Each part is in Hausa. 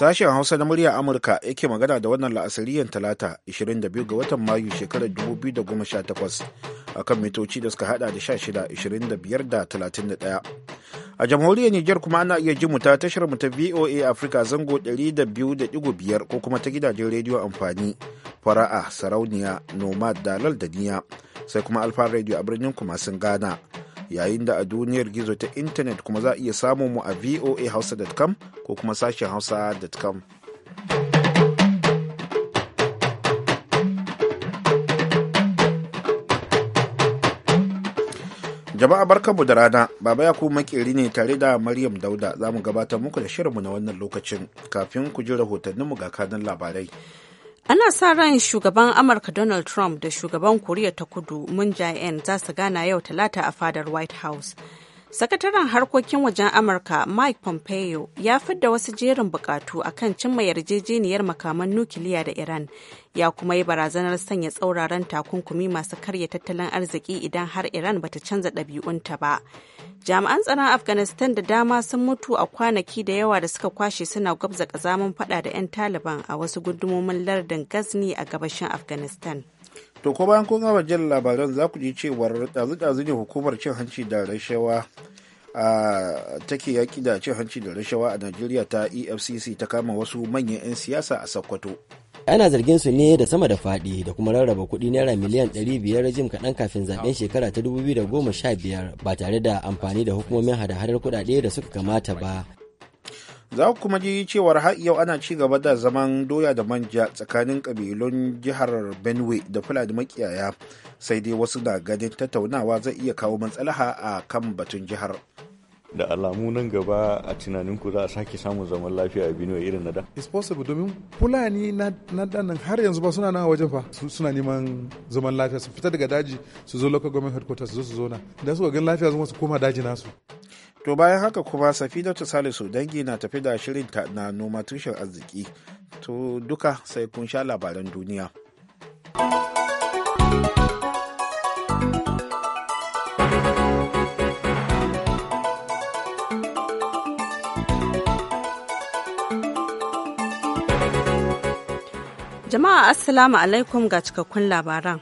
Sashen Hausa na muryar Amurka yake magana da wannan la'asariyar talata 22 ga watan Mayu shekarar 2018 a kan mitoci da suka hada da 16, 25 da 31. A jamhuriyar Nijar kuma ana iya jimu ta tashar mu ta VOA Africa zango 200.5 ko kuma ta gidajen rediyo amfani fara'a sarauniya nomad dalal da niya sai kuma alfa radio a birnin kuma sun gana. yayin da a duniyar gizo ta intanet kuma za a iya samun mu a voahausa.com ko kuma sashen hausa.com. jama'a barkanmu da rana baba ya kuma makeri ne tare da maryam dauda za mu gabatar muku da shirinmu na wannan lokacin kafin ku ji rahotanninmu ga kanin labarai ana sa ran shugaban amurka donald trump da shugaban koriya ta kudu moon jae-in za su gana yau talata a fadar white house Sakataren harkokin wajen Amurka Mike Pompeo ya fidda wasu jerin bukatu a kan cimma yarjejeniyar makaman nukiliya da Iran ya kuma yi barazanar sanya tsauraran takunkumi masu karya tattalin arziki idan har Iran bata canza ɗabi'unta ba. Jami'an tsaron Afghanistan da dama sun mutu a kwanaki da yawa da suka kwashe suna gwabza ƙazamin faɗa da 'yan Taliban a wasu gudumomin lardin Ghazni a gabashin Afghanistan. To ko bayan kun gama jin labaran za ku ji cewar ɗazu-ɗazu ne hukumar cin hanci da rashawa a take yaƙi da cin hanci da rashawa a Najeriya ta EFCC ta kama wasu manyan 'yan siyasa a Sokoto. ana zargin su ne da sama da faɗi da kuma rarraba kuɗi naira miliyan 500 jim kaɗan kafin zaben shekara ta 2015 ba tare da amfani da hukumomin hada-hadar kuɗaɗe da suka kamata ba za ku kuma ji cewar har yau ana ci gaba da zaman doya da manja tsakanin kabilun jihar benue da fulani makiyaya sai dai wasu na ganin tattaunawa zai iya kawo matsalaha a kan batun jihar da alamu nan gaba a tunaninku za a sake samun zaman lafiya a benue irin na da it's possible domin fulani na danan har yanzu ba suna nan a wajen fa suna neman zaman lafiya su fita daga daji su zo local government headquarters su zo su zo na idan suka gan lafiya zuma su koma daji nasu To bayan haka kuma Safinatu Salisu dangi na tafi da shirin ta na noma tushen arziki. To duka sai kun sha labaran duniya. Jama'a Assalamu alaikum ga cikakkun labaran.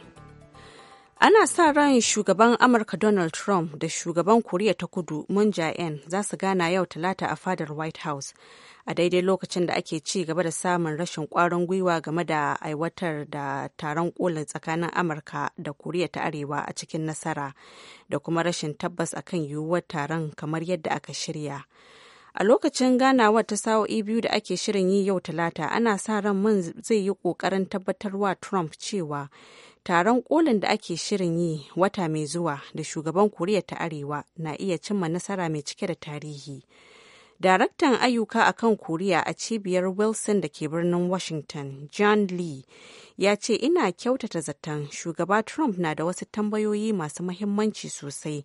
ana sa ran shugaban amurka donald trump da shugaban koriya ta kudu moon jae-in za su gana yau talata a fadar white house a daidai lokacin da ake ci gaba da samun rashin kwarin gwiwa game da aiwatar da taron kolin tsakanin amurka da koriya ta arewa a cikin nasara da kuma rashin tabbas akan yiwuwar taron kamar yadda aka shirya a lokacin ganawar ta sa'o'i biyu da ake shirin yi yau talata ana sa ran mun zai yi kokarin tabbatarwa trump cewa taron kolin da ake shirin yi wata mai zuwa da shugaban koriya ta arewa na iya cimma nasara mai cike da tarihi daraktan ayyuka a kan koriya a cibiyar wilson da ke birnin washington john lee ya ce ina kyautata zaton shugaba trump na da wasu tambayoyi masu mahimmanci sosai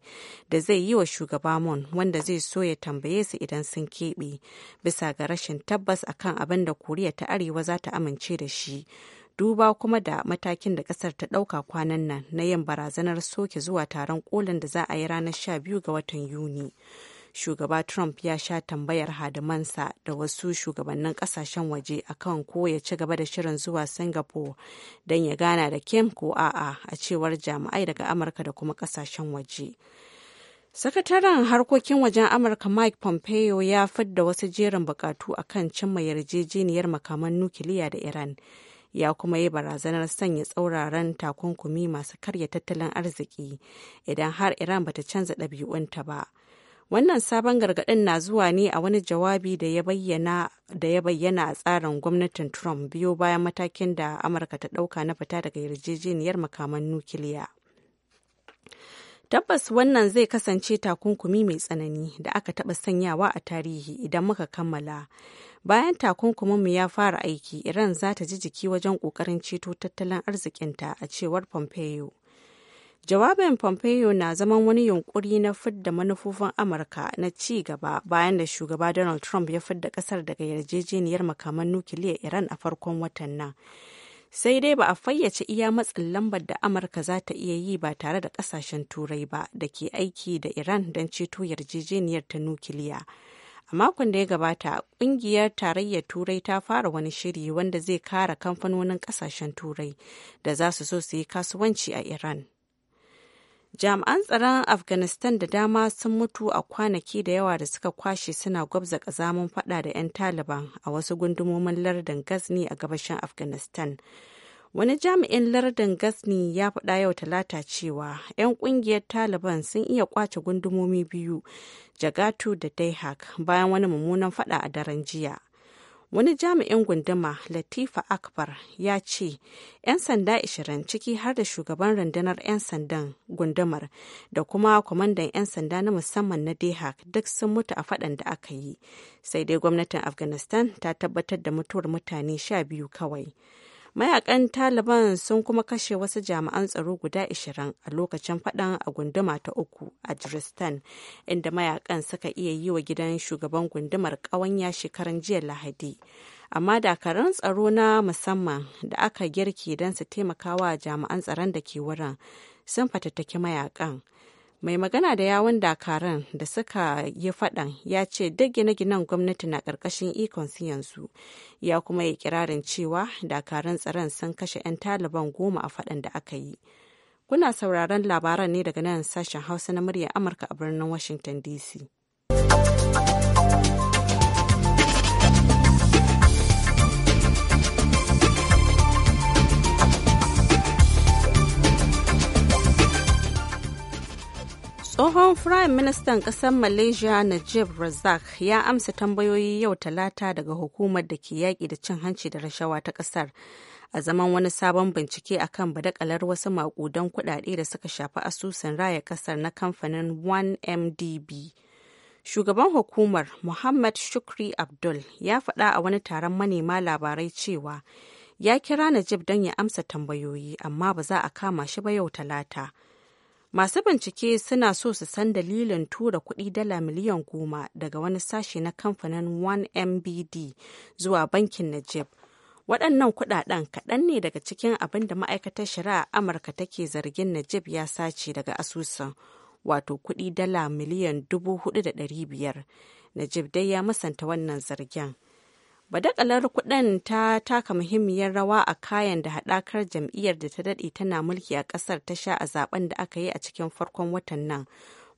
da zai yi wa shugaba mon wanda zai so ya tambaye su idan sun keɓe bisa ga rashin tabbas akan abin da koriya ta arewa za ta amince da shi duba kuma da matakin da kasar ta ɗauka kwanan nan na yin barazanar soke zuwa taron kolin da za a yi ranar 12 ga watan yuni shugaba trump ya sha tambayar hadimansa da wasu shugabannin kasashen waje akan ko ya ci gaba da shirin zuwa singapore don ya gana da kim ko a'a a cewar jami'ai daga amurka da kuma kasashen waje Sakataren harkokin wajen Amurka Mike Pompeo ya fidda wasu jerin bukatu akan cimma yarjejeniyar makaman nukiliya da Iran, ya kuma yi barazanar sanya tsauraran takunkumi masu karya tattalin arziki idan har iran bata canza ɗabi'unta ba wannan sabon gargaɗin na zuwa ne a wani jawabi da ya bayyana a tsarin gwamnatin trump biyo bayan matakin da amurka ta ɗauka na fita daga yarjejeniyar makaman nukiliya tabbas wannan zai kasance takunkumi mai tsanani da aka taɓa sanyawa a tarihi idan muka kammala bayan takunkuminmu ya fara aiki iran za ta ji jiki wajen kokarin ceto tattalin arzikinta a cewar pompeo jawabin pompeo na zaman wani yunkuri na fidda manufofin amurka na ci gaba bayan da shugaba donald trump ya fidda kasar daga yarjejeniyar makaman nukiliya iran a farkon watan nan sai dai ba a fayyace iya matsin lambar da amurka za ta iya yi ba tare da kasashen turai ba da ke aiki da iran don ceto yarjejeniyar ta nukiliya. a makon da ya gabata kungiyar tarayyar turai ta fara wani shiri wanda zai kara kamfanonin kasashen turai da za su so su yi kasuwanci a iran jami'an tsaron afghanistan da dama sun mutu a kwanaki da yawa da suka kwashe suna gwabza kazamun fada da 'yan taliban a wasu gundumomin lardin gazni a gabashin afghanistan Wani jami'in lardin Gasni ya faɗa yau talata cewa 'yan ƙungiyar Taliban sun iya kwace gundumomi biyu, Jagatu da Daihak bayan wani mummunan faɗa a daren jiya. Wani jami'in gunduma Latifa Akbar ya ce 'yan sanda 20 ciki har da shugaban rundunar 'yan sandan gundumar da kuma kwamandan 'yan sanda na musamman na Dehak duk sun mutu a faɗan da aka yi. Sai dai gwamnatin Afghanistan ta tabbatar da mutuwar mutane 12 kawai. mayakan taliban sun kuma kashe wasu jami'an tsaro guda 20 a lokacin faɗan a gunduma ta uku a jiristan inda mayakan suka iya yi wa gidan shugaban gundumar ƙawanya shekaran jiya lahadi amma dakarun tsaro na musamman da aka girki don su taimakawa jami'an tsaron da ke wurin sun fatattaki mayakan mai magana da yawon dakaran da suka yi fadan ya ce duk gine-ginen gwamnati na ƙarƙashin ikon su yanzu ya kuma yi kirarin cewa dakaran tsaron sun kashe 'yan taliban goma a fadan da aka yi kuna sauraron labaran ne daga nan sashen hausa na muryar amurka a birnin washington dc Tsohon Firayim Ministan kasar Malaysia Najib Razak ya amsa tambayoyi yau talata daga hukumar da ke yaƙi da cin hanci da rashawa ta ƙasar a zaman wani sabon bincike a kan badakalar wasu maƙudan kuɗaɗe da suka shafi asusun raya ƙasar na kamfanin 1MDB. Shugaban hukumar Muhammad Shukri Abdul ya faɗa a wani taron manema labarai cewa ya kira Najib don ya amsa tambayoyi amma ba za a kama shi ba yau talata. Masu bincike suna so su san dalilin tura kuɗi dala miliyan goma daga wani sashe na kamfanin 1MBD zuwa bankin Najib. waɗannan kuɗaɗen kaɗan ne daga cikin abin da ma'aikatar shari'a amurka take zargin najib ya sace daga asusun wato kuɗi dala miliyan dubu hudu da ɗari biyar najib dai ya masanta wannan zargin Badaƙalar kuɗin ta taka muhimmiyar rawa a kayan da haɗakar jam'iyyar da ta daɗe tana mulki a ƙasar ta sha a zaben da aka yi a cikin farkon watan nan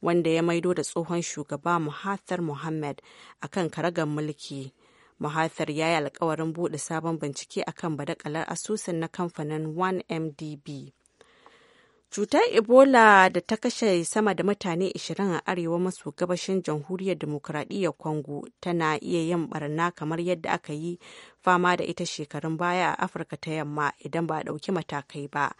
wanda ya maido da tsohon shugaba muhathar muhammad a kan karagar mulki muhathar ya yi alkawarin buɗe sabon bincike akan badaƙalar asusun na kamfanin 1mdb Cutar Ebola da ta kashe sama da mutane 20 a arewa maso gabashin jamhuriyar demokuraɗiyyar Congo tana iya yin barna kamar yadda aka yi fama da ita shekarun baya a Afirka ta yamma idan ba a ɗauki matakai ba.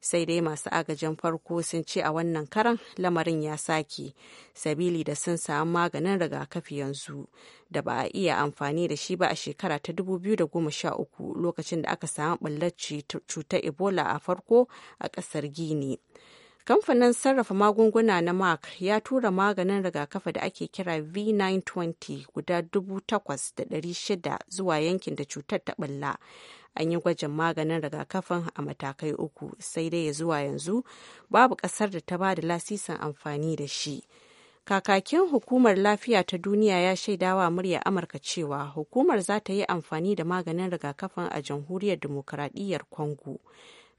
sai dai masu agajin farko sun ce a wannan karan lamarin ya sake sabili da sun samu maganin rigakafi yanzu da ba a iya amfani da shi ba a shekara ta 2013 lokacin da aka samu ɓullar cutar ebola a farko a ƙasar gini Kamfanin sarrafa magunguna na Mark ya tura maganin rigakafa da ake kira V920 guda 8,600 zuwa yankin da cutar ta ɓalla. An yi gwajin maganin rigakafin a matakai uku sai dai ya zuwa yanzu babu ƙasar da ta ba da lasisin amfani da shi. Kakakin Hukumar Lafiya ta Duniya ya shaidawa murya Amurka cewa hukumar za ta yi amfani da maganin rigakafin a Jamhuriyar Dimokuraɗiyyar kongo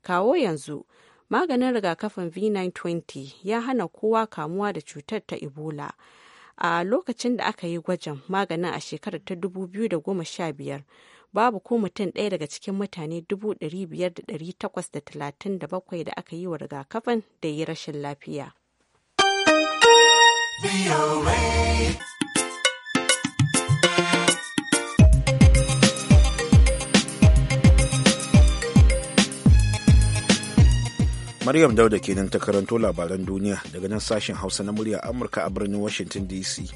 Kawo yanzu, maganin rigakafin v920 ya hana kowa kamuwa da cutar ta ebola a lokacin da aka yi gwajin maganin a shekarar ta 2015 babu ko mutum ɗaya daga cikin mutane 5,837 da aka yi wa rigakafin da yi rashin lafiya. Maryam Dauda kenan ta karanto labaran duniya daga nan sashen Hausa na murya Amurka a birnin Washington DC.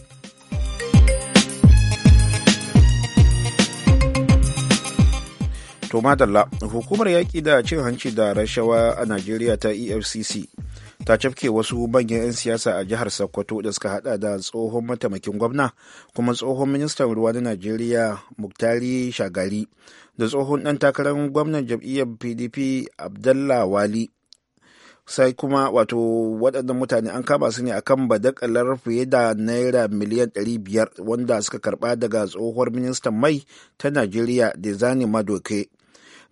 To madalla, hukumar yaƙi da cin hanci da rashawa a Najeriya ta EFCC ta cafke wasu manyan 'yan siyasa a jihar Sokoto da suka hada da tsohon mataimakin gwamna kuma tsohon ministan ruwa na Najeriya Muktari Shagari da tsohon ɗan takarar gwamnan jam'iyyar PDP Abdallah Wali sai kuma wato waɗannan mutane an kama su ne a kan badakalar fiye da naira miliyan 500 wanda suka karɓa daga tsohuwar ministan mai ta najeriya zani madoke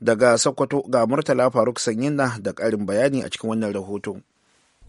daga sokoto ga murtala faruk sanyina da ƙarin bayani a cikin wannan rahoton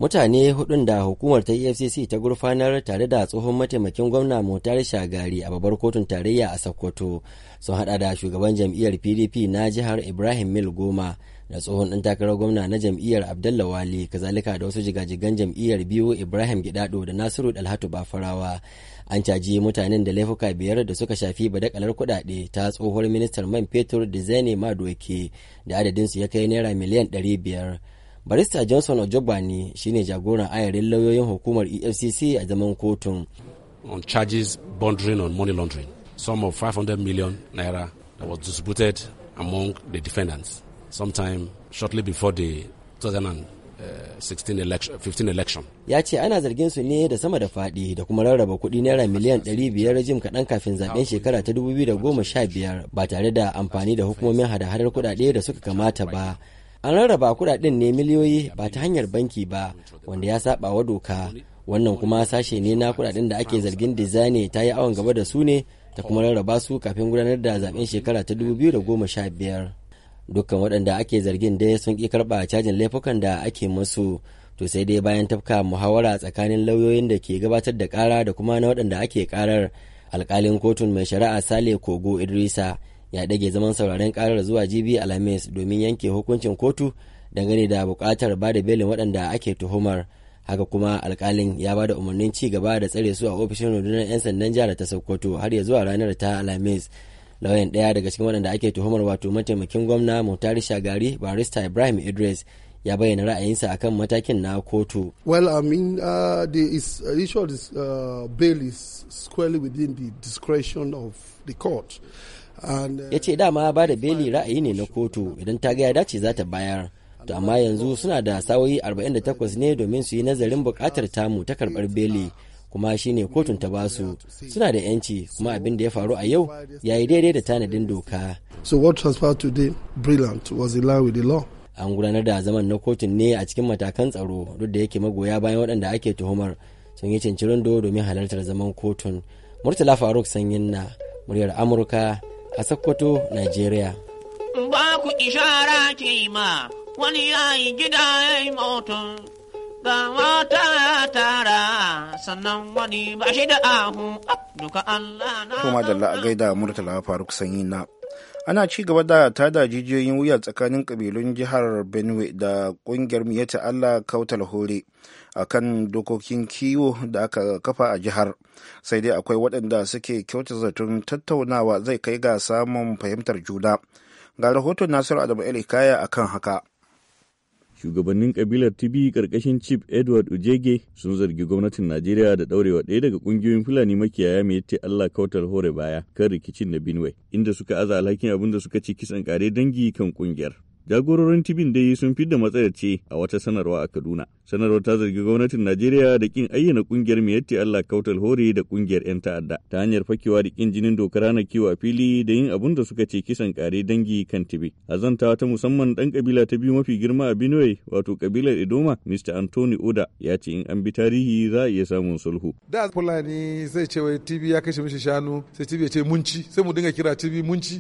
mutane hudun da hukumar ta efcc ta gurfanar tare da tsohon mataimakin gwamna motar shagari a babbar kotun tarayya a sokoto sun hada da shugaban jam'iyyar pdp na jihar ibrahim mil goma da tsohon ɗan takarar gwamna na jam'iyyar abdullawali wali kazalika da wasu jigajigan jam'iyyar biyu ibrahim gidado da nasiru dalhatu bafarawa an caji mutanen da laifuka biyar da suka shafi badakalar kuɗaɗe ta tsohuwar ministan man fetur da zane madoke da adadinsu ya kai naira miliyan ɗari biyar barista johnson ne shine jagoran ayarin lauyoyin hukumar efcc a zaman kotun on charges bordering on money laundering some of 500 million naira that was distributed among the defendants sometime shortly before the 2016 election, 15 election. Ya ce ana zargin su ne da sama da faɗi da kuma rarraba kuɗi naira miliyan 500 jim kaɗan kafin zaben shekara ta 2015 ba tare da amfani da hukumomin hada-hadar kuɗaɗe da suka kamata ba. an rarraba kudaden ne miliyoyi ba ta hanyar banki ba wanda ya saba wa doka wannan kuma sashe ne na kudaden da ake zargin dizane ta yi awon gaba da su ne ta kuma rarraba su kafin gudanar da zaben shekara ta 2015 dukkan waɗanda ake zargin dai sun ƙi karɓa cajin laifukan da ake musu to sai dai bayan tafka muhawara tsakanin lauyoyin da ke gabatar da kara da kuma na waɗanda ake karar alkalin kotun mai shari'a sale kogo idrisa ya ɗage zaman sauraren karar zuwa jibi alhamis domin yanke hukuncin kotu dangane da buƙatar ba da belin waɗanda ake tuhumar haka kuma alkalin ya ba da umarnin ci gaba da tsare su a ofishin rundunar 'yan sandan jihar ta sokoto har ya zuwa ranar ta alhamis lauyan ɗaya daga cikin waɗanda ake tuhumar wato mataimakin gwamna mutari shagari barista ibrahim idris ya bayyana ra'ayinsa akan matakin na kotu. Well, I mean, uh, the is, uh, issue of this uh, bail is squarely within the discretion of the court. Uh, ya ce dama ba da beli ra'ayi ne na kotu idan ta ga ya dace za ta bayar to amma yanzu suna da sawoyi 48 ne domin su yi nazarin bukatar tamu ta karbar beli kuma shine kotun ta basu suna da yanci kuma abin da ya faru a yau ya yi daidai da tanadin doka so what transpired today brilliant was in line with the law an gudanar da zaman na kotun ne a cikin matakan tsaro duk da yake magoya bayan waɗanda ake tuhumar sun yi cincirin do domin halartar zaman kotun murtala faruk sanyin na muryar amurka a Sokoto, Najeriya. Ba ku ishara ke ma wani yayi gida ya yi mutum ga mata ya tara sannan wani ba shi da ahu duka Allah na. Kuma da la'agai da Murtala Faruk Sanyi na ana ci gaba da tada jijiyoyin wuya tsakanin kabilun jihar benue da kungiyar miyata allah kautal hore a kan dokokin kiwo da aka kafa a jihar sai dai akwai waɗanda suke kyauta zaton tattaunawa zai kai ga samun fahimtar juna ga rahoton nasiru adamu el hikaya kan haka shugabannin kabilar tibi karkashin chief edward ujege sun zargi gwamnatin najeriya da daurewa ɗaya daga ƙungiyoyin fulani makiyaya mai yace allah kautar hore baya kan rikicin na benue inda suka aza alhakin abin da suka ci kisan kare dangi kan ƙungiyar. Jagororin tibin dai sun fi da matsayar ce a wata sanarwa a Kaduna. Sanarwar ta zargi gwamnatin Najeriya da kin ayyana kungiyar Miyatti Allah Kautal Hore da kungiyar 'yan ta'adda ta hanyar fakewa da kin jinin dokar hana kiwo a fili da yin abun da suka ce kisan kare dangi kan tibi. zanta ta musamman dan kabila ta biyu mafi girma a Benue wato kabilar Idoma Mr. Anthony Oda ya ce in an bi tarihi za a iya samun sulhu. Da Fulani zai ce wai tibi ya kashe mishi shanu sai tibi ya ce munci sai mu dinga kira tibi munci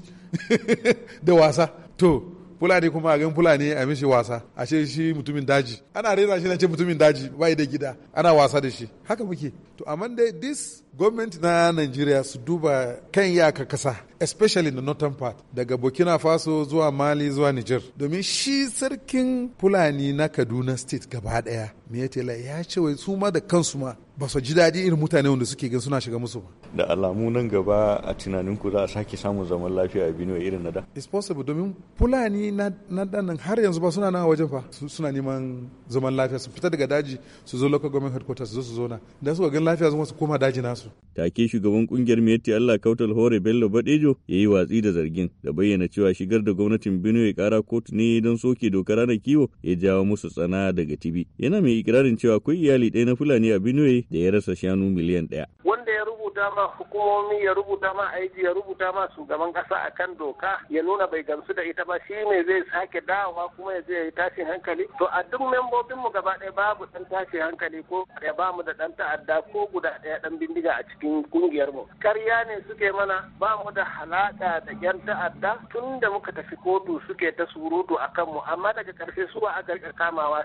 da wasa. To fulani kuma a gan fulani a mishi wasa a ce shi mutumin daji ana rera shi na ce mutumin daji bai da gida ana wasa da shi haka muke to amma dai this government na Najeriya su duba kan iyaka kasa especially in the northern part daga burkina faso zuwa mali zuwa niger domin shi sarkin fulani na kaduna state gaba daya miyatela ya ce wai su ma da kansu ma ba su ji daɗi irin mutane wanda suke gan suna shiga musu ba da alamu nan gaba a tunanin ku za a sake samun zaman lafiya a benue irin na da it's possible domin fulani na nan har yanzu ba suna nan wajen fa suna neman zaman lafiya su fita daga daji su zo local government headquarters su zo su zona da su ga lafiya su koma daji nasu take shugaban kungiyar miyatti Allah Kautal Hore Bello Badejo ya yi watsi da zargin da bayyana cewa shigar da gwamnatin Benue kara kotu ne don soke dokar na kiwo ya jawo musu tsana daga tibi. Yana mai ikirarin cewa akwai iyali ɗaya na Fulani a Benue da ya rasa shanu miliyan ɗaya. Wanda ya rubuta ma hukumomi ya rubuta ma aiki ya rubuta ma shugaban kasa akan doka ya nuna bai gamsu da ita ba shi ne zai sake dawowa kuma ya je ya tashin hankali to a duk membobin mu gaba ɗaya babu ɗan tashin hankali ko ya ba mu da ɗan ta'adda ko guda ɗaya ɗan bindiga a cikin kungiyar mu Karya ne suke mana ba mu da alaka da yan ta'adda tun da muka tafi kotu suke ta surutu a kanmu amma daga karshe su a rika kamawa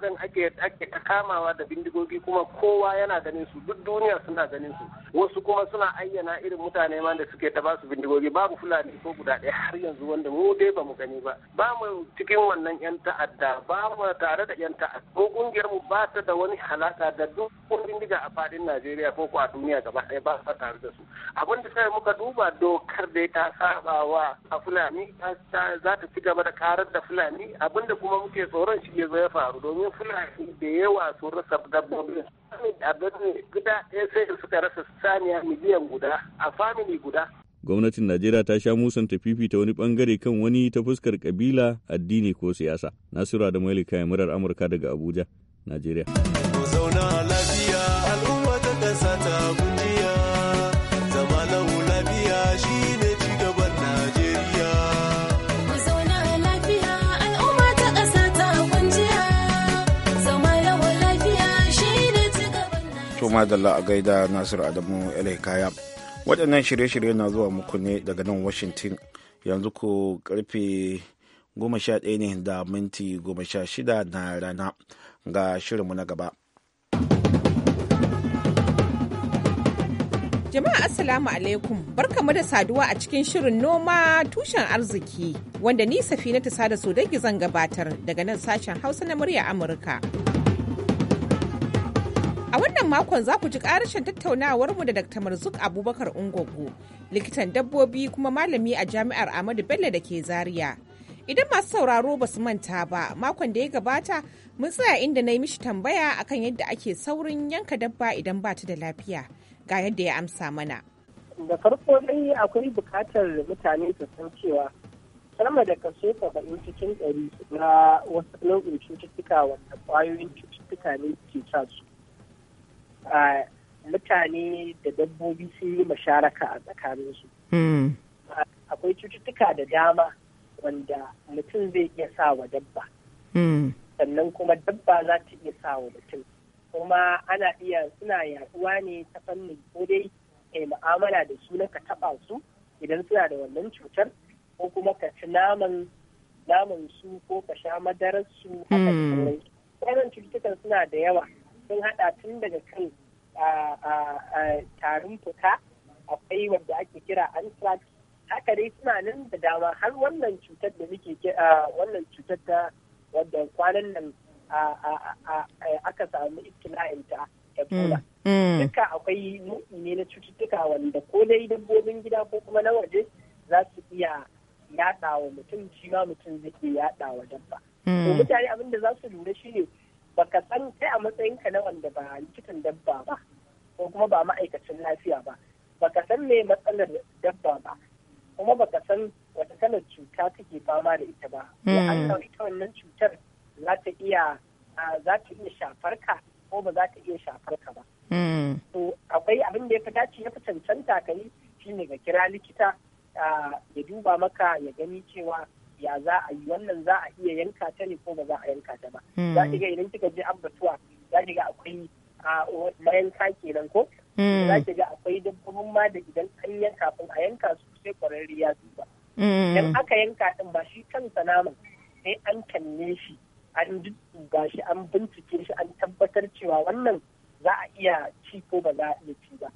zan ake ake ta kamawa da bindigogi kuma kowa yana ganin su duk duniya suna ganin su wasu kuma suna ayyana irin mutane ma da suke ta basu bindigogi babu fulani ko guda ɗaya har yanzu wanda mu dai bamu gani ba ba mu cikin wannan yan ta'adda ba mu tare da yan ta'adda ko kungiyar mu ba ta da wani halaka da duk bindiga a faɗin Najeriya ko ko a duniya gaba ɗaya ba ta tare da su abin da sai muka duba doka kar da ta saba wa a fulani za ta ci gaba da karar da fulani abinda kuma muke tsoron shi ya zo ya faru domin fulani da yawa sun rasa dabbobin abin guda ɗaya sai suka rasa saniya miliyan guda a famili guda gwamnatin najeriya ta sha musan tafifi ta wani bangare kan wani ta fuskar kabila addini ko siyasa nasura da mailika ya murar amurka daga abuja najeriya zauna lafiya al'umma ta kasa ta madalla a gaida nasiru adamu kaya waɗannan shirye-shirye na zuwa muku ne daga nan washington yanzu ku karfe 11 ne da minti 16 na rana ga shirinmu na gaba Jama'a Assalamu alaikum barkamu da saduwa a cikin shirin noma tushen arziki wanda ni safina ta sada so dangi zan gabatar daga nan sashen hausa na murya Amurka. A wannan makon za ku ji ƙarashin mu da Dr. Marzuk Abubakar Ungogo, likitan dabbobi kuma malami a Jami'ar Ahmadu Bello da ke Zaria. Idan masu sauraro ba su manta ba, makon da ya gabata mun tsaya inda na yi mishi tambaya akan yadda ake saurin yanka dabba idan ba ta da lafiya. Ga yadda ya amsa mana. Da farko dai akwai bukatar mutane su san cewa sama da kaso saba'in cikin ɗari na wasu nau'in cututtuka wanda ƙwayoyin cututtuka ne ke sa su. mutane da dabbobi sun yi masharaka a tsakaninsu. Hmm. Akwai cututtuka da dama wanda mutum zai iya sa wa dabba. Hmm. Sannan kuma dabba za ta iya sa wa mutum. Kuma ana iya suna yaduwa ne ta fannin ko dai kai mu'amala da su na ka taɓa su idan suna da wannan cutar ko kuma ka ci naman naman su ko ka sha madarar su haka da hmm. cututtukan suna da yawa. sun hada tun daga kan tarin fuka akwai wanda ake kira anthrax haka dai suna nan da dama har wannan cutar da muke wannan cutar ta wadda kwanan nan aka samu ta ebola mm, mm. duka akwai nau'i ne na cututtuka wanda ko dai dabbobin gida ko kuma na waje za su iya yaɗa wa mutum shi ma mutum zai iya yaɗa wa dabba mm. mutane abin da za su lura shine baka san kai a matsayin ka na wanda ba likitan dabba ba ko kuma ba ma'aikacin lafiya ba baka san me matsalar dabba ba kuma baka san wata kalar cuta take fama da ita ba an hmm. ita wannan cutar za ta iya za ta iya shafar ka ko ba za ta iya shafar ka ba hmm. to akwai abin da ya fi dace ya fi cancanta ka yi shine ga kira likita ya duba maka ya gani cewa ya za a yi wannan za a iya yanka ta ne ko ba za a yanka ta ba hmm. za ki ga idan kika je abatuwa. za ki ga akwai mayanka kenan ko hmm. za ki ga akwai dabbobin ma da idan an yanka kafin a yanka su sai kwararri ya duba hmm. idan aka yanka din ba shi kansa naman sai an kalle shi an duba shi an bincike shi an tabbatar cewa wannan za a iya ci ko ba za a iya ci ba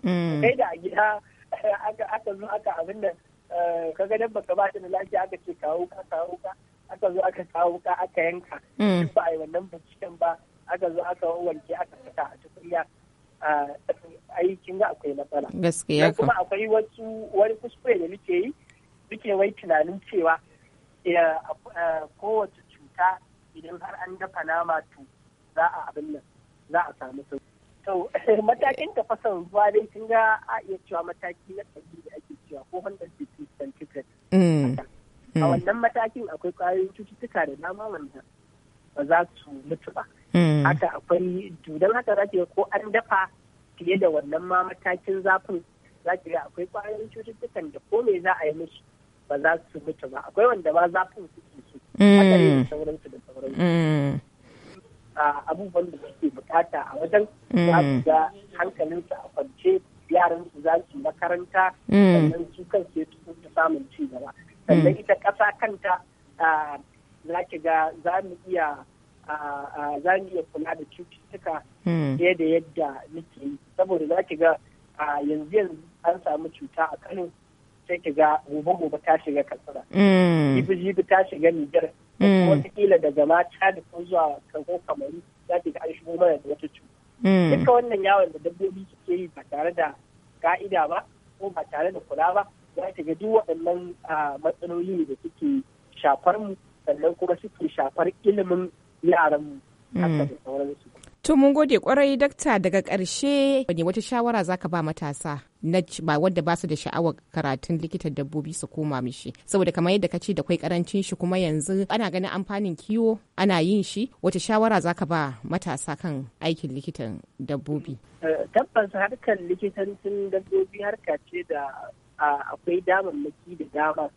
Sai da a gida aka zo aka abin nan Eh, kaga dan baka ba da lafiya aka ce kawo ka kawo ka aka zo aka kawo ka aka yanka mm. ba a yi wannan binciken ba aka zo aka wanke aka saka a tukunya eh, aikin ga akwai matsala gaskiya kuma akwai wasu wani kuskure da muke yi muke wai tunanin cewa eh, kowace cuta idan har an dafa nama to za a abin nan za a samu sauki to matakin tafasan ruwa dai kin ga a iya cewa mataki na ɗari cewa ko hundred fifty centigrade. Mm. A mm. wannan matakin akwai ƙwayoyin cututtuka da dama wanda ba za su mutu ba. Mm. Haka akwai don haka za ki ko an dafa fiye da wannan ma matakin zafin za ki ga akwai ƙwayoyin cututtukan da ko me za a yi musu ba za su mutu ba akwai wanda ba zafin su. ke ne da sauransu da sauransu. abubuwan da suke bukata a wajen za su ga hankalinsu a kwance yaran su za su makaranta mm. sannan su kan su samun ci gaba sannan mm. ita ƙasa kanta za ki ga za mu iya za mu iya kula da cututtuka mm. fiye da yadda muke yi saboda za ki ga yanzu yanzu an samu cuta a Kano sai ki ga gobe gobe ta shiga Katsina jibi jibi ta shiga Nijar kila daga mata da ko zuwa kanko kamaru za ki ga an shigo mana da wata cuta Hmm. Duka wannan yawon da dabbobi suke yi ba tare da ka'ida ba ko ba tare da kula ba za ta ga duk waɗannan matsaloli ne da suke shafar mu sannan kuma suke shafar ilimin yaran mu hmm. da sauransu. To mun gode kwarai dakta daga ƙarshe wani wata shawara zaka ba matasa na ba wadda ba su da sha'awar karatun likitan dabbobi su koma mishi saboda kamar yadda ka ce da kwai karancin shi kuma yanzu ana ganin amfanin kiwo ana yin shi wata shawara zaka ba matasa kan aikin likitan dabbobi. Eh, tabbas harkar likitancin dabbobi harka ce da akwai damammaki da dama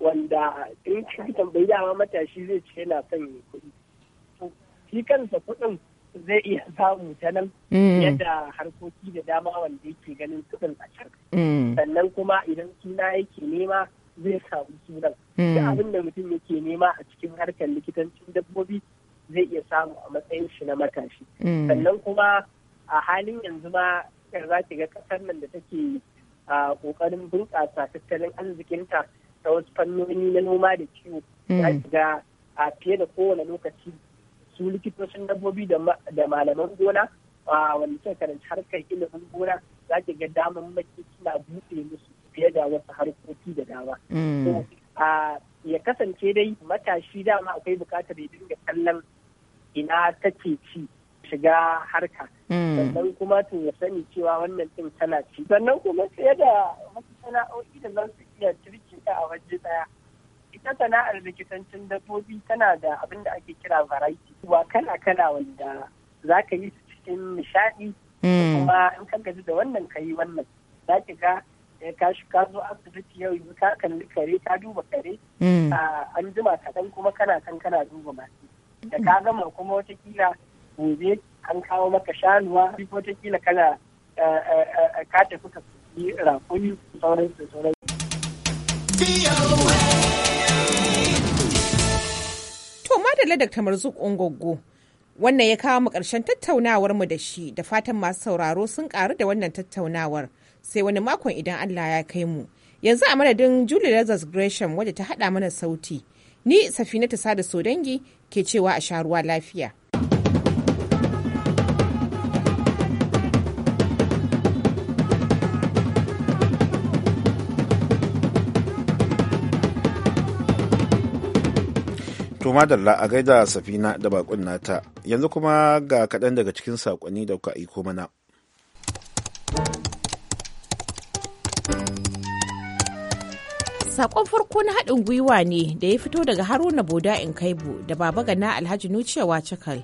wanda in ka tambayi dama matashi zai ce yana son kuɗi. Shi kansa kuɗin zai iya samu ta nan mm. yadda harkoki da dama wanda yake ganin kudin a can mm. sannan kuma idan suna yake nema zai samu sunan mm. da abin da mutum yake nema a cikin harkar likitancin dabbobi zai iya samu a matsayin shi na matashi sannan kuma a halin yanzu ma za ki ga kasar nan da take a kokarin bunƙasa tattalin arzikinta ta wasu fannoni na noma da kiwo za ki ga a fiye da kowane lokaci su likitocin dabbobi da malaman gona wanda suka karanci harkar ilimin gona za ki ga damammaki suna buɗe musu fiye da wasu harkoki da dama. Mm. ya kasance dai matashi dama akwai bukatar ya dinga kallon ina take ci shiga harka mm. sannan kuma tun ya sani cewa wannan din tana ci sannan kuma fiye da wasu sana'o'i da za su iya turke a waje daya ita sana'ar likitancin dabbobi tana da abin da ake kira variety wa kala kala wanda za ka yi cikin nishaɗi hmm. kuma in ka gaji da wannan kayi wannan za ki ga eh, ka shi ka zo asibiti yau yi ka kalli kare ka duba kare hmm. an jima kaɗan kuma kana kan kana duba masu da ka gama kuma watakila gobe an kawo maka shanuwa watakila kana eh, eh, ka tafi ka yi rakuni sauransu sauransu. Madalla Dr. Marzuk Ungoggo. Wannan ya kawo mu ƙarshen tattaunawar mu da shi da fatan masu sauraro sun karu da wannan tattaunawar sai wani makon idan Allah ya kai mu. Yanzu a madadin Julie Lazarus Gresham wadda ta haɗa mana sauti. Ni Safinatu Sada Sodangi ke cewa a sha ruwa lafiya. To madalla a gaida safina da bakun nata yanzu kuma ga kaɗan daga cikin saƙonni da kuka aiko mana. Sakon farko na haɗin gwiwa ne da ya fito daga Haruna Boda in Kaibu da Baba Gana Alhaji Nucewa Cakal.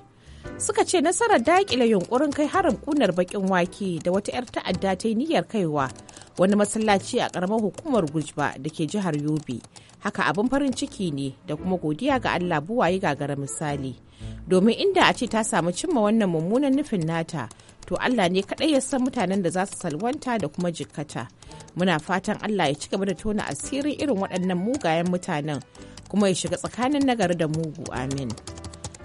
Suka ce nasarar daƙile yunkurin kai harin ƙunar baƙin wake da wata 'yar ta'adda ta yi niyyar kaiwa wani masallaci a ƙaramar hukumar Gujba da ke jihar Yobe haka abin farin ciki ne da kuma godiya ga Allah buwaye gagara misali domin inda a ce ta samu cimma wannan mummunan nufin nata to Allah ne kaɗai ya san mutanen da za su salwanta da kuma jikkata muna fatan Allah ya ci gaba da tona asirin irin waɗannan mugayen mutanen kuma ya shiga tsakanin nagari da mugu amin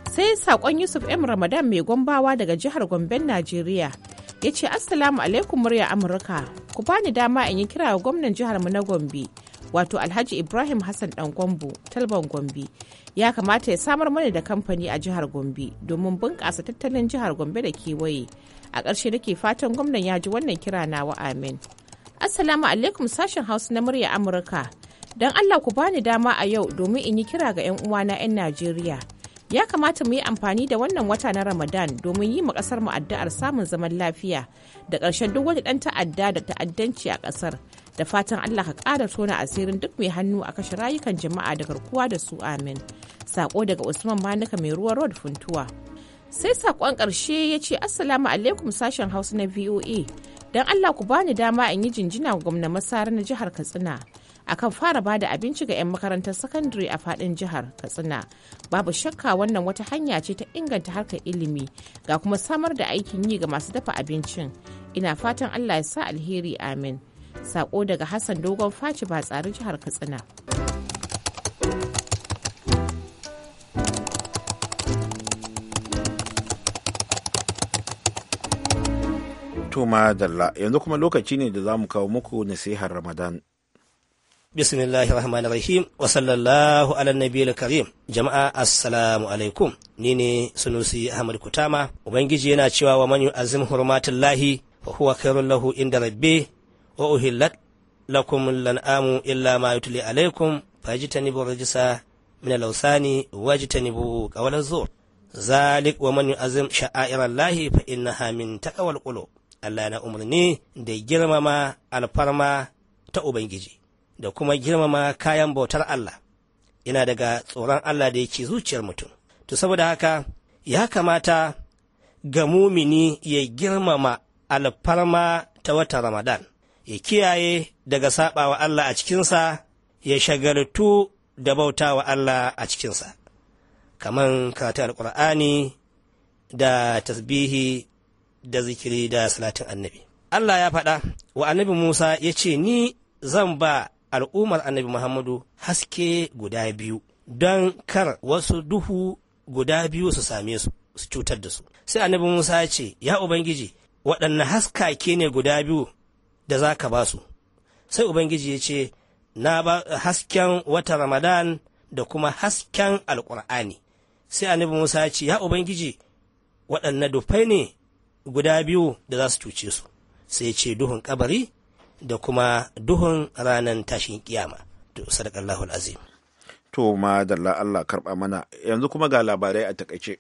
sai saƙon yusuf m ramadan mai gombawa daga jihar gomben najeriya ya ce assalamu alaikum murya amurka ku bani dama in yi kira ga gwamnan jihar mu na gombe wato alhaji ibrahim hassan dan gombo talban gombe ya kamata ya samar mana da kamfani a jihar gombe domin bunƙasa tattalin jihar gombe da kewaye a ƙarshe nake fatan gwamnan ya ji wannan kira nawa amin assalamu alaikum sashen hausa na murya amurka don allah ku bani dama a yau domin in yi kira ga 'yan uwana 'yan najeriya ya kamata mu yi amfani da wannan wata na ramadan domin yi ma kasar mu addu'ar samun zaman lafiya da ƙarshen duk wani ɗan ta'adda da ta'addanci a ƙasar da fatan allah ka ƙara tona asirin duk mai hannu a kashe rayukan jama'a da garkuwa da su amin sako daga usman manuka mai ruwa road funtuwa sai sakon ƙarshe ya ce assalamu alaikum sashen hausa na voa don allah ku bani dama in yi jinjina gwamna masara na jihar katsina akan fara ba da abinci ga 'yan makarantar sakandare a fadin jihar katsina babu shakka wannan wata hanya ce ta inganta harkar ilimi ga kuma samar da aikin yi ga masu dafa abincin ina fatan allah ya sa alheri amin sako daga hassan dogon faci ba tsarin jihar katsina to yanzu kuma lokaci ne da za mu kawo muku nasihar ramadan bismillahi rahmanir rahim wa sallallahu ala nabiyil karim jama'a assalamu alaikum ni ne sunusi ahmad kutama ubangiji yana cewa wa man yu'azzim hurmatullahi fa huwa khairul lahu inda rabbe wa uhillat lakum lan'amu illa ma yutli alaikum fajtanibu lausa ni al ta wajtanibu qawla zur zalik wa man yu'azzim sha'airallahi fa innaha min taqwal qulub Allah na umarni da girmama alfarma ta ubangiji da kuma girmama kayan bautar Allah yana daga tsoron Allah da yake zuciyar mutum to saboda haka ya kamata ga mumini ya girmama alfarma ta watan Ramadan ya kiyaye daga saɓawa Allah a cikinsa ya shagaltu da bautawa Allah a cikinsa kamar karatun alkur'ani da tasbihi da zikiri da salatin annabi Allah ya faɗa wa annabi Musa ya ce ni zan ba al'ummar annabi muhammadu haske guda biyu don kar wasu duhu guda biyu su same su su cutar da su sai annabi musa ya ce ya ubangiji waɗanne haskake ne guda biyu da za ka ba su sai ubangiji ya ce na ba hasken wata ramadan da kuma hasken alƙur'ani sai annabi musa ya ce ya ubangiji waɗanne dufai ne guda biyu da za su cuce su sai ce duhun ƙabari. da kuma duhun ranar tashin kiyama to sadakallahu azim to ma dalla Allah karba mana yanzu kuma ga labarai a takaice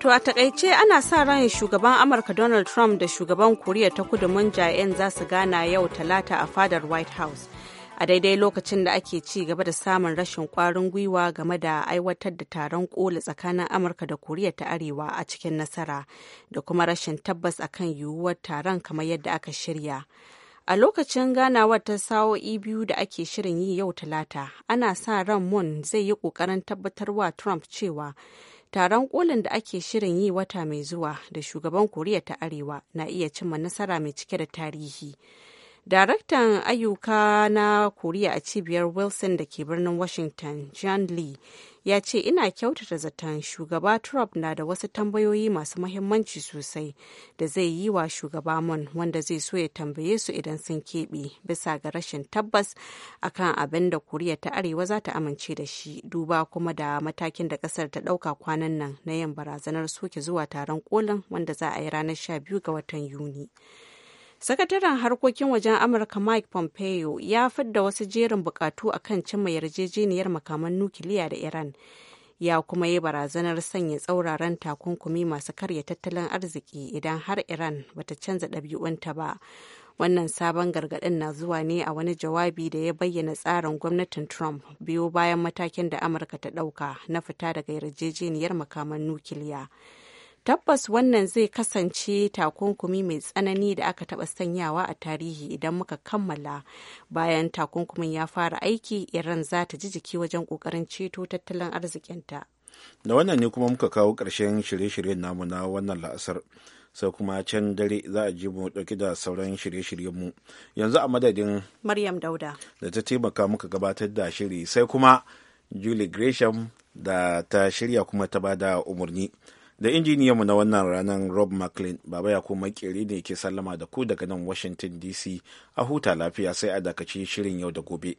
To a takaice ana sa ran shugaban Amurka Donald Trump da shugaban Koriya ta kudu mun za su gana yau talata a fadar White House. a daidai lokacin da ake ci gaba da samun rashin kwarin gwiwa game da aiwatar da taron koli tsakanin amurka da koriya ta arewa a cikin nasara da kuma rashin tabbas a kan yiwuwar taron kamar yadda aka shirya a lokacin ganawar ta sa'o'i biyu da ake shirin yi yau talata ana sa ran mun zai yi kokarin tabbatarwa trump cewa taron kolin da ake shirin yi wata mai zuwa da shugaban koriya ta arewa na iya cimma nasara mai cike da tarihi Daraktan ayyuka na Koriya a cibiyar Wilson da ke birnin Washington, John Lee, ya ce ina kyautata zaton shugaba Trump na da wasu tambayoyi masu mahimmanci sosai da zai yi wa shugaba mun wanda zai so ya tambaye su idan sun keɓe bisa ga rashin tabbas akan abin da Koriya ta Arewa za ta amince da shi duba kuma da matakin da ƙasar ta ɗauka kwanan nan na yin barazanar soke zuwa taron kolin wanda za a yi ranar 12 ga watan Yuni. sakataren harkokin wajen amurka mike pompeo ya fidda wasu jerin bukatu a kan cimma yarjejeniyar makaman nukiliya da iran ya kuma yi barazanar sanya tsauraran takunkumi masu karya tattalin arziki idan har iran bata canza ɗabi'unta ba wannan sabon gargaɗin na zuwa ne a wani jawabi da ya bayyana tsarin gwamnatin trump biyo bayan matakin da amurka ta ɗauka na fita daga yarjejeniyar makaman nukiliya. tabbas wannan zai kasance takunkumi mai tsanani da aka taɓa sanyawa a tarihi idan muka kammala bayan takunkumin ya fara aiki iran za ta ji jiki wajen kokarin ceto tattalin arzikinta da wannan ne kuma muka kawo ƙarshen shirye-shiryen namu na wannan la'asar sai kuma can dare za a ji mu dauki da sauran shirye shiryen mu yanzu a madadin maryam dauda da ta taimaka muka gabatar da shiri sai kuma julie gresham da ta shirya kuma ta bada umarni da injiniyanmu na wannan ranar rob mclean baba ya kuma makeri ne ke sallama da ku daga nan washington dc a huta lafiya sai a dakaci shirin yau da gobe.